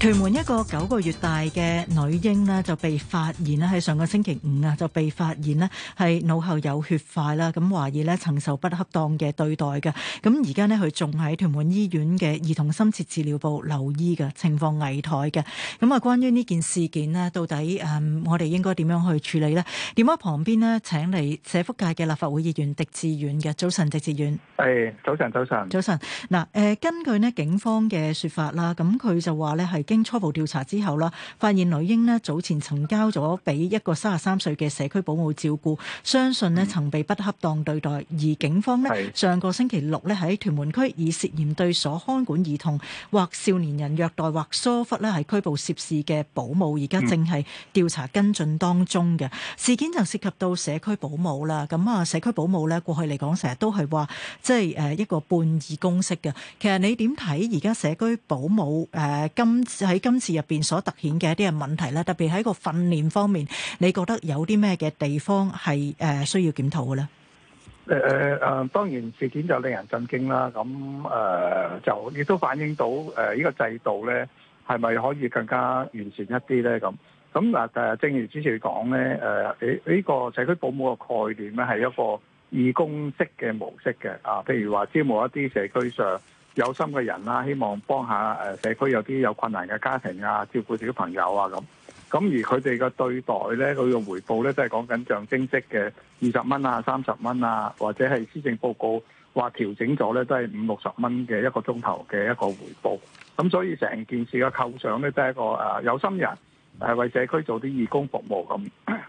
屯門一個九個月大嘅女嬰呢就被發現喺上個星期五啊就被發現咧係腦後有血塊啦，咁懷疑咧承受不恰當嘅對待嘅，咁而家呢佢仲喺屯門醫院嘅兒童深切治療部留醫嘅，情況危殆嘅。咁啊，關於呢件事件呢到底誒、嗯、我哋應該點樣去處理呢？電話旁邊呢請嚟社福界嘅立法會議員狄志遠嘅。早晨，狄志遠。係早晨，早晨，早晨。嗱誒，根據呢警方嘅說法啦，咁佢就話呢係，經初步調查之後啦，發現女嬰咧早前曾交咗俾一個三十三歲嘅社區保姆照顧，相信咧曾被不恰當對待，而警方咧上個星期六咧喺屯門區以涉嫌對所看管兒童或少年人虐待或疏忽咧係拘捕涉事嘅保姆，而家正係調查跟進當中嘅。事件就涉及到社區保姆啦。咁啊，社區保姆咧過去嚟講成日都係話即係誒一個半義工式嘅，其實你點睇而家社區保姆誒今？就喺今次入邊所突顯嘅一啲嘅問題啦，特別喺個訓練方面，你覺得有啲咩嘅地方係誒需要檢討嘅咧？誒誒誒，當然事件就令人震驚啦。咁誒、呃、就亦都反映到誒呢、呃這個制度咧，係咪可以更加完善一啲咧？咁咁嗱誒正如之前講咧，誒誒呢個社區保姆嘅概念咧，係一個義工式嘅模式嘅啊。譬如話招募一啲社區上。有心嘅人啦、啊，希望幫下社區有啲有困難嘅家庭啊，照顧啲小朋友啊咁。咁而佢哋嘅對待呢，佢嘅回報呢，都係講緊象徵式嘅二十蚊啊、三十蚊啊，或者係施政報告話調整咗呢，都係五六十蚊嘅一個鐘頭嘅一個回報。咁所以成件事嘅構想呢，都係一個有心人誒為社區做啲義工服務。咁。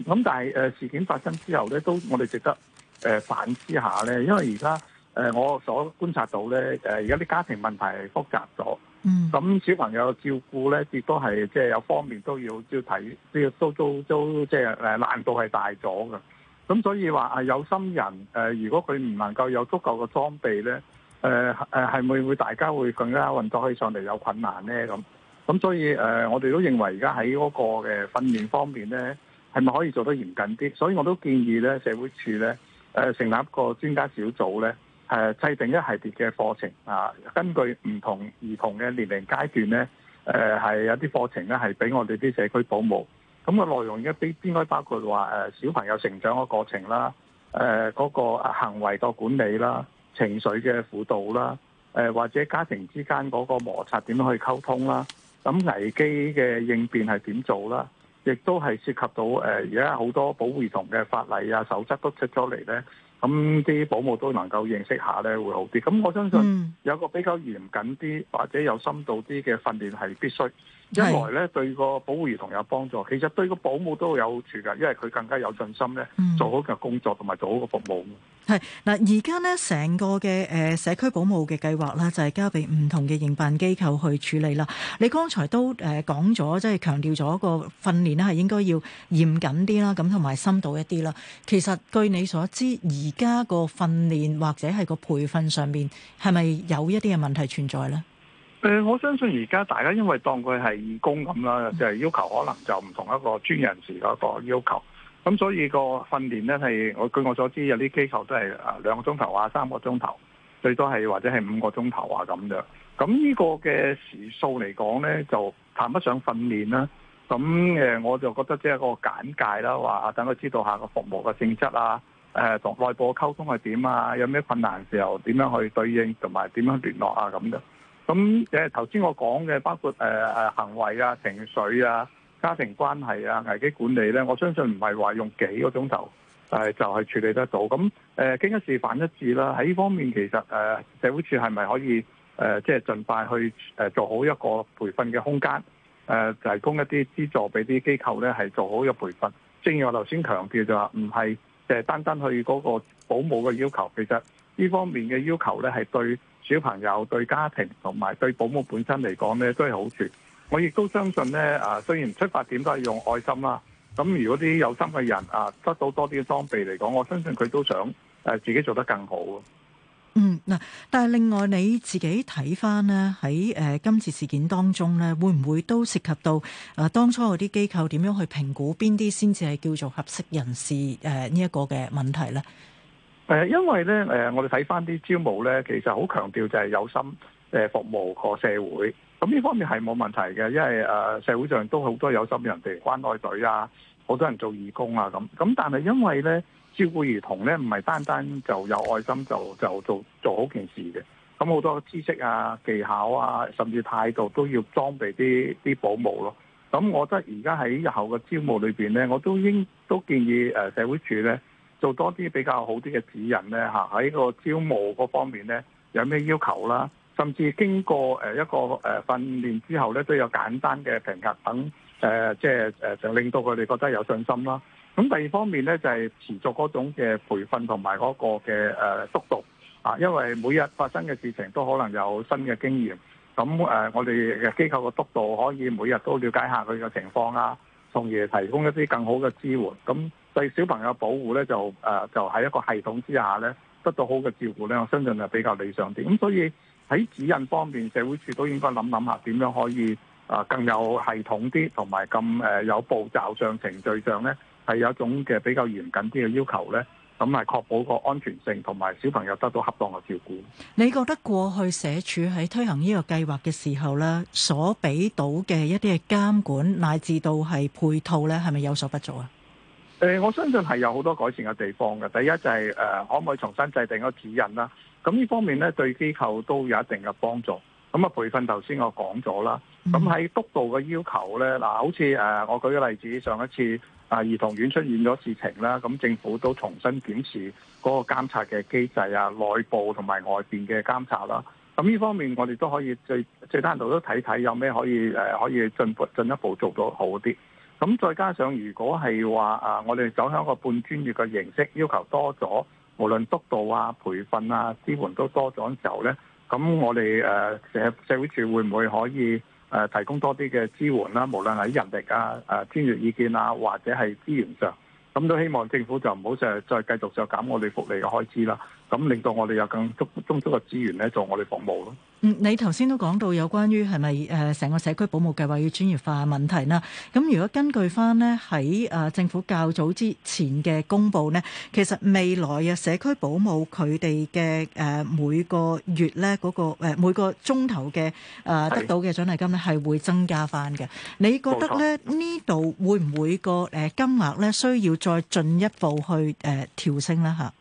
咁但係事件發生之後呢，都我哋值得、呃、反思下呢，因為而家。誒，我所觀察到咧，誒而家啲家庭問題是複雜咗，咁、嗯、小朋友照顧咧亦都係即係有方面都要睇，提，要都都都即係誒難度係大咗嘅。咁所以話係有心人誒，如果佢唔能夠有足夠嘅裝備咧，誒誒係咪會大家會更加運作起上嚟有困難咧？咁咁所以誒，我哋都認為而家喺嗰個嘅訓練方面咧，係咪可以做得嚴謹啲？所以我都建議咧，社會署咧誒成立一個專家小組咧。係、啊、制定一系列嘅課程啊，根據唔同兒童嘅年齡階段咧，誒、啊、係有啲課程咧係俾我哋啲社區保姆。咁、啊那個內容而家比應該包括話、啊、小朋友成長個過程啦，誒、啊、嗰、那個行為個管理啦、啊，情緒嘅輔導啦、啊，或者家庭之間嗰個摩擦點樣去溝通啦，咁、啊、危機嘅應變係點做啦，亦、啊、都係涉及到誒而家好多保護兒童嘅法例啊、守則都出咗嚟咧。咁啲保姆都能夠認識下咧，會好啲。咁我相信有個比較嚴謹啲或者有深度啲嘅訓練係必須。一來咧對個保護兒童有幫助，其實對個保姆都有好處㗎，因為佢更加有信心咧做好個工作同埋做好個服務。係嗱，而家咧成個嘅誒社區保姆嘅計劃啦，就係交俾唔同嘅營辦機構去處理啦。你剛才都誒講咗，即係強調咗個訓練咧係應該要嚴謹啲啦，咁同埋深度一啲啦。其實據你所知，而家個訓練或者係個培訓上面係咪有一啲嘅問題存在咧？誒、嗯，我相信而家大家因為當佢係義工咁啦，就係、是、要求可能就唔同一個專業人士嗰個要求，咁所以個訓練咧係我據我所知有啲機構都係兩個鐘頭啊，三個鐘頭，最多係或者係五個鐘頭啊咁樣。咁呢個嘅時數嚟講咧，就談不上訓練啦。咁誒，我就覺得即係個簡介啦，話等佢知道一下個服務嘅性質啊，誒、啊，同內部溝通係點啊，有咩困難的時候點樣去對應，同埋點樣聯絡啊咁樣。咁誒頭先我講嘅包括誒、呃、行為啊、情緒啊、家庭關係啊、危機管理咧，我相信唔係話用幾個鐘頭、呃、就就是、係處理得到。咁誒、呃，經一事反一智啦，喺呢方面其實誒、呃、社會處係咪可以誒即係盡快去做好一個培訓嘅空間？誒、呃、提、就是、供一啲資助俾啲機構咧，係做好一個培訓。正如我頭先強調就話，唔係誒單單去嗰個保姆嘅要求，其實呢方面嘅要求咧係對，小朋友對家庭同埋對保姆本身嚟講咧，都係好處。我亦都相信咧，啊，雖然出發點都係用愛心啦。咁如果啲有心嘅人啊，得到多啲嘅裝備嚟講，我相信佢都想誒自己做得更好。嗯，嗱，但係另外你自己睇翻咧，喺誒今次事件當中咧，會唔會都涉及到啊當初嗰啲機構點樣去評估邊啲先至係叫做合適人士誒呢一個嘅問題咧？因為咧，我哋睇翻啲招募咧，其實好強調就係有心服務個社會，咁呢方面係冇問題嘅，因為社會上都好多有心人，譬如關愛隊啊，好多人做義工啊，咁，咁但係因為咧，照顧兒童咧，唔係單單就有愛心就就做做好件事嘅，咁好多知識啊、技巧啊，甚至態度都要裝備啲啲保姆咯。咁我覺得而家喺日後嘅招募裏面咧，我都應都建議社會處咧。做多啲比較好啲嘅指引咧，喺個招募嗰方面咧，有咩要求啦，甚至經過一個訓練之後咧，都有簡單嘅評價等即係、呃、就是、令到佢哋覺得有信心啦。咁第二方面咧就係、是、持續嗰種嘅培訓同埋嗰個嘅督導啊，因為每日發生嘅事情都可能有新嘅經驗，咁我哋嘅機構嘅督導可以每日都了解下佢嘅情況啦，從而提供一啲更好嘅支援咁。對小朋友保護咧，就誒，就喺一個系統之下咧，得到好嘅照顧咧，我相信係比較理想啲。咁所以喺指引方面，社會處都應該諗諗下點樣可以啊更有系統啲，同埋咁誒，有步驟上、程序上咧，係有一種嘅比較嚴謹啲嘅要求咧，咁係確保個安全性，同埋小朋友得到恰當嘅照顧。你覺得過去社署喺推行呢個計劃嘅時候咧，所俾到嘅一啲嘅監管，乃至到係配套咧，係咪有所不足啊？誒，我相信係有好多改善嘅地方嘅。第一就係誒，可唔可以重新制定一個指引啦？咁呢方面咧，對機構都有一定嘅幫助。咁啊，培訓頭先我講咗啦。咁喺督導嘅要求咧，嗱，好似誒，我舉個例子，上一次啊，兒童院出現咗事情啦，咁政府都重新檢視嗰個監察嘅機制啊，內部同埋外邊嘅監察啦。咁呢方面，我哋都可以最最低限度都睇睇，有咩可以誒，可以進步進一步做到好啲。咁再加上，如果係話啊，我哋走向一個半專業嘅形式，要求多咗，無論督導啊、培訓啊、支援都多咗嘅時候呢，咁我哋誒社社會署會唔會可以誒提供多啲嘅支援啦？無論喺人力啊、誒專業意見啊，或者係資源上，咁都希望政府就唔好再繼續削減我哋福利嘅開支啦。咁令到我哋有更足充足嘅資源咧，做我哋服務咯。嗯，你頭先都講到有關於係咪誒成個社區保姆計劃要專業化嘅問題啦。咁如果根據翻咧喺誒政府較早之前嘅公佈咧，其實未來呀社區保姆佢哋嘅誒每個月咧嗰個誒每個鐘頭嘅誒得到嘅獎勵金咧係會增加翻嘅。你覺得咧呢度會唔會個誒金額咧需要再進一步去誒調升咧嚇？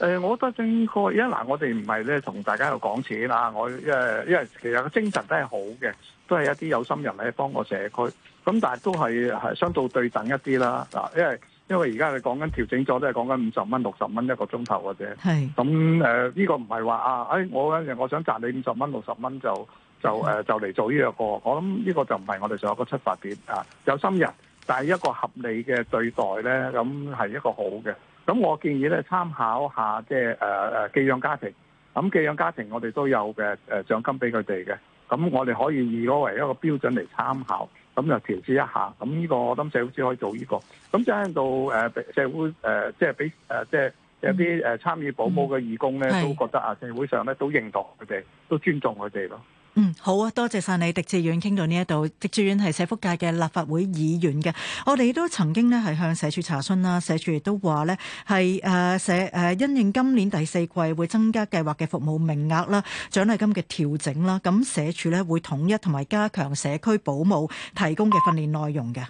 誒，我覺得正確，因為嗱，我哋唔係咧同大家有講錢啊，我因為因為其實個精神都係好嘅，都係一啲有心人喺幫我社區，咁但係都係相對對等一啲啦，嗱，因為因為而家你講緊調整咗，都係講緊五十蚊、六十蚊一個鐘頭嘅啫，咁呢個唔係話啊，我我想賺你五十蚊、六十蚊就就就嚟做呢、呢個，我諗呢個就唔係我哋上一個出發點啊，有心人，但係一個合理嘅對待咧，咁係一個好嘅。咁我建議咧，參考下即係誒誒寄養家庭。咁、嗯、寄養家庭我哋都有嘅誒獎金俾佢哋嘅。咁、呃嗯、我哋可以以嗰個為一個標準嚟參考，咁就調節一下。咁呢個我諗社會只可以做呢個。咁就係到誒社會誒，即係俾誒即係有啲誒參與保姆嘅義工咧，都覺得啊社會上咧都認同佢哋，都尊重佢哋咯。嗯，好啊，多謝晒你，狄志遠傾到呢一度。狄志遠係社福界嘅立法會議員嘅，我哋都曾經呢係向社署查詢啦，社署亦都話呢係誒社誒、呃，因應今年第四季會增加計劃嘅服務名額啦，獎勵金嘅調整啦，咁社署呢會統一同埋加強社區保姆提供嘅訓練內容嘅。